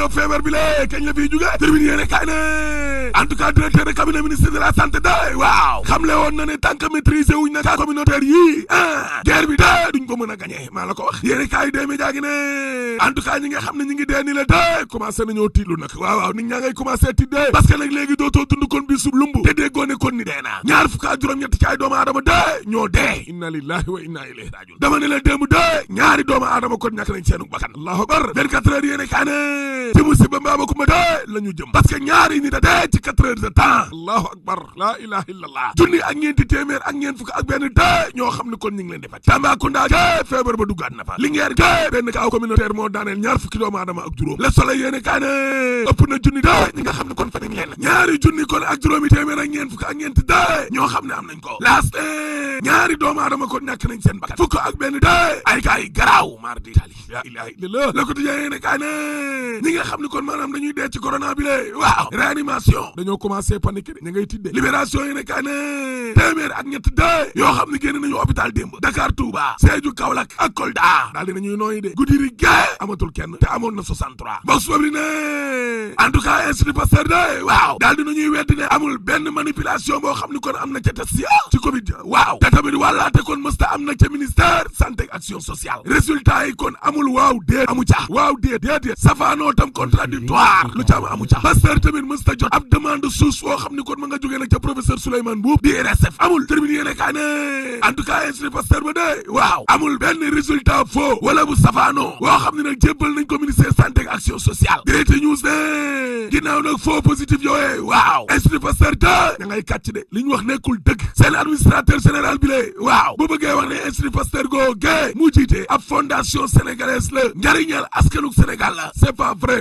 dayoo feebar bi lee kañ la fiy jugee termine yéene kaay ne en tout cas de la santé day waaw xam le woon na ne tant que wuñ na cas communautaire yii ah guerre bi duñ ko mën a gagné maa la ko wax yéene kaay dee mi jaagi ne en ñi nga xam ne ñi ngi dee ni la dee commencé nañoo tiitlu nag waaw waaw nit ñaa ngay commencé tiit dee parce que nag léegi dootoo dund bi sub lumb te dee goone kon ni dee naa ñaar fukk ak juróom-ñetti ci ay doomu aadama ci musiba mbaama dee la ñu jëm parce que ñaari a dee ci quatre heures de temps akbar laa ilaha junni ak ñeenti téeméer ak ñeent fukk ak benn dee ñoo xam kon ñu ngi leen di faj Tambacounda dee feebar ba duggaat na fa Linguère dee benn kaaw communautaire moo daaneel ñaar fukki doomu aadama ak juróom Le Soleil yéene kaa ne junni dee ñi nga kon fa nañ leen junni kon ak juróomi téeméer ak ñeent fukk ak ak benn dee ay kaay garaaw mardi tali nga xam ni kon maanaam dañuy dee ci corona bi lée waaw réanimation dañoo commencé paniquer ña ngay tiddee libération yi nekkaa ne téeméer ak ñett de yoo xam ne génn nañu hôpital démb Dakar Touba Sédhiou Kaolack ak Kolda daal dinañuy nooyi de guddi ri gée amatul kenn te amoon na 63 box bobri ne en tout cas institut Pasteur de waaw daal dinañuy weddi ne amul benn manipulation boo xam ni kon am na ca test ya ci Covid waaw te tamit wàllaate kon mësta am na ca ministère santé action sociale résultat yi kon amul waaw dee amu ca waaw kon contradictoire lu ca am amu ca Pasteur tamit mës ta jot ab demande suus woo xam ni kon ma nga jógee nag ca professeur Souleymane Boub di RSF amul termine yéene kaa ne en Pasteur ba de waaw amul benn résultat faux wala bu safaanoo woo xam ne nag jébbal nañ ko ministère santé ak action Direct News ne ginnaaw nag faux positif yooyee waaw institut Pasteur da da ngay de li ñu wax nekkul dëgg seen administrateur général bi lee bu bëggee wax ne institut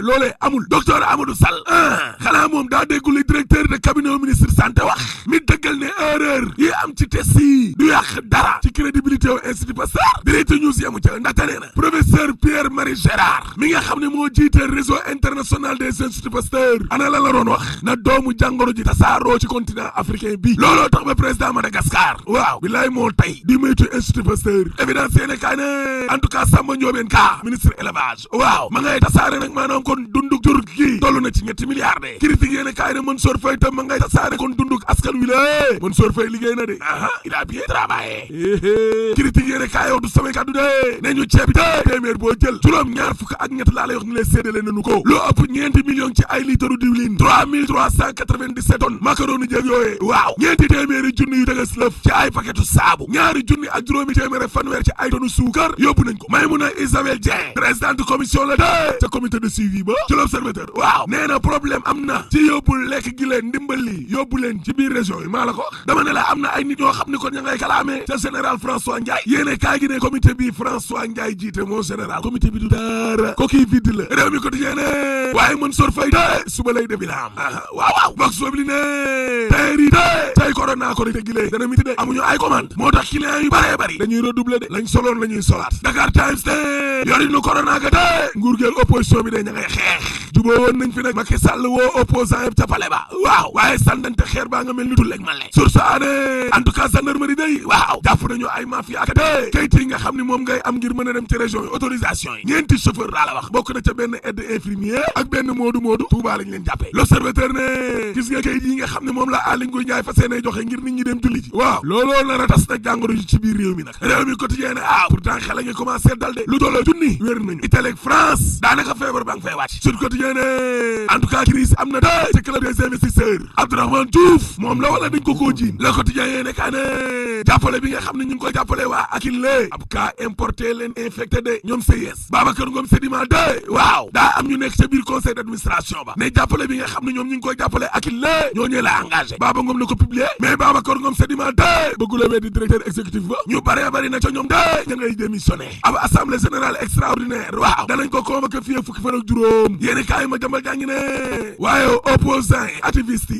loolee loolee amul docteur Amadou Sall ah xanaa moom daa déggul li directeur de cabinet ministre santé wax mi dëggal ne erreur yi am ci test yi yàq dara ci crédibilité wu institut Pasteur direct news yamu ca ndaxte nee na professeur Pierre Marie Gérard mi nga xam ne moo jiite réseau international des instituts Pasteur ana la wax na doomu jàngoro ji tasaaroo ci africain bi looloo tax ba président Madagascar waaw bilaay moo tey di moytu institut Pasteur évidence yéene kaa ne Samba Ndiobène Ka ministre élevage waaw ma ngay tasaare nag maanaam kon dunduk jur gi toll na ci ñetti milliards de critique yéene kaay ne Mansour bàyyee critique yéene kaay yow du samay kàddu de ne ñu ceeb de téeméer boo jël juróom ñaar fukk ak ñett laa lay wax ni lee séddale ko lu ëpp ñeenti million ci ay litre diwlin 3397 tonnes macaroni ci ay paquetu saabu ñaari junni ak juróomi téeméer fanweer ci ay tonu suukar yóbbu nañ ko Maimouna Isabel Dieng présidente commission la de ca comité de suivi ba ci waaw nee na am na ci yóbbul lekk gi leen ndimbal li ci biir région yi maa ko dama ne amee ca général François Ndiaye yéene kaay gi ne comité bi François Ndiaye jiite moo général comité bi du dara coquille vide la réew mi quotidien ne waaye Mansour Faye de suba lay def bi la am ah, ah, waaw waaw box boobu li de tey corona ko te gi lée dana miti de amuñu ay commande moo tax client yu bëree bëri dañuy de lañ soloon la ñuy solaat Dakar Times de yori nu corona ka de nguur geel opposition bi de ña xeex juboo woon nañ fi nag Macky Sall woo opposant yëpp ca ba waaw waaye sàndante xeer baa nga mel ni tulleeg man le sur saane en tout cas day waaw jàpp nañu ay mafia ak de kayit yi nga xam ne moom ngay am ngir mën a dem ci région yi autorisation yi ñeenti chauffeur laa la wax bokk na ca benn aide infirmier ak benn moodu moodu Touba lañ leen jàppee l'observateur ne gis nga kayit nga xam ne moom la Aly Ngouille Ndiaye fas joxe ngir nit ñi nee ne en tout am na de ci club des investisseurs Abdourahmane Diouf moom la wala dañ ko koo jiin le quotidien yee nekkaa ne jàppale bi nga xam ne ñu ngi koy jàppale waa akin lée ab cas importé leen infecté de ñoom CIS Babacar Ngom Sedima de waaw daa am ñu nekk ca biir conseil d'administration ba ne jàppale bi nga xam ne ñoom ñu ngi koy jàppale akin lée ñoo ñee la engagé Baba Ngom la ko publié mais Babacar Ngom Sedima de di directeur exécutif ba ñu bare bari na ca ñoom de ña kaay ma jambal jàngi ne waaye opposant yi activiste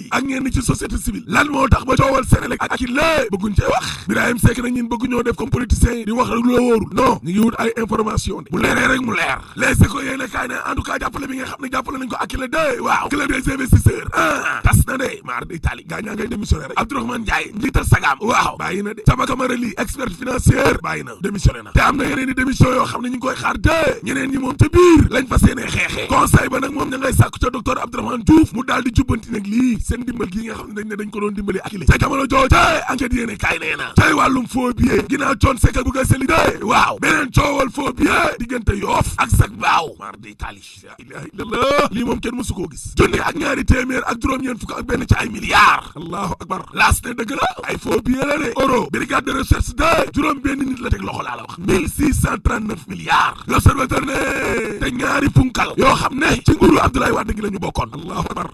ci société civile lan moo tax ba coowal Senelec ak Akilee lée bëgguñ cee wax Birahim Seck na ñun def comme politiciens yi di wax rek lu non ñu ngi ay information de bu leeree rek mu leer les éco yéene kaay ne bi nga xam ne jàppale nañ ko Akilee de waaw na de maar di tali gaa ñaa ngay démissionné rek Abdourahmane Ndiaye waaw bàyyi na de Samba Camara li expert financier bàyyi na démissionné te am na yeneen i démission xam ne ñu koy xaar de ñeneen ñi moom ca biir lañ fas yéene xeexee conseil ba nag moom ña ngay ca docteur Abdourahmane Diouf mu daal di jubbanti nag lii seen dimbal gii nga xam ne dañ ne dañ ko dimbali ak li ca jamono jooju enquête yéene kaay nee na tey wàllum faux billet ginnaaw coon sekk bëgg mar di taali lii moom kenn mësu koo gis junni ak ñaari téeméer ak juróom-ñeent fukk ak benn ci ay milliards allahu akbar laas ne dëgg la ay faux billets la de euro brigade de recherche de juróom benn nit la teg loxo laa la wax mille six cent trente neuf milliards xam ne ci nguuru Abdoulaye Wade gi la ñu bokkoon allahu akbar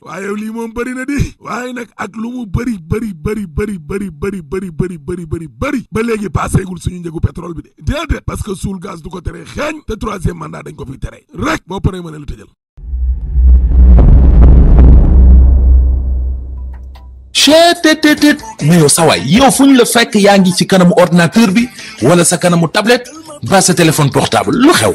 waaye lii moom bëri na di waaye nag ak lu mu bëri bëri bëri bëri bëri bëri bëri bëri bëri bëri ba léegi passé gul suñu njëgu pétrole bi de déedéet parce que suul gaz du ko tere koy xeeñ te troisième mandat dañ ko fiy tere rek boo paree ma ne la tëjal. chetttt mais yow sa waay yow fu ñu la fekk yaa ngi ci kanamu ordinateur bi wala sa kanamu tablette ba sa téléphone portable lu xew.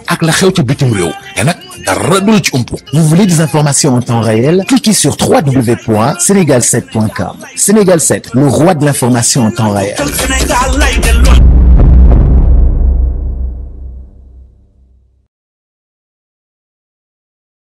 ak la xew ci bitim réew te nag dara du la ci umpu. Vous voulez des informations en temps réel? Cliquez sur wwwsenegal Sénégal le roi de l'information en temps réel.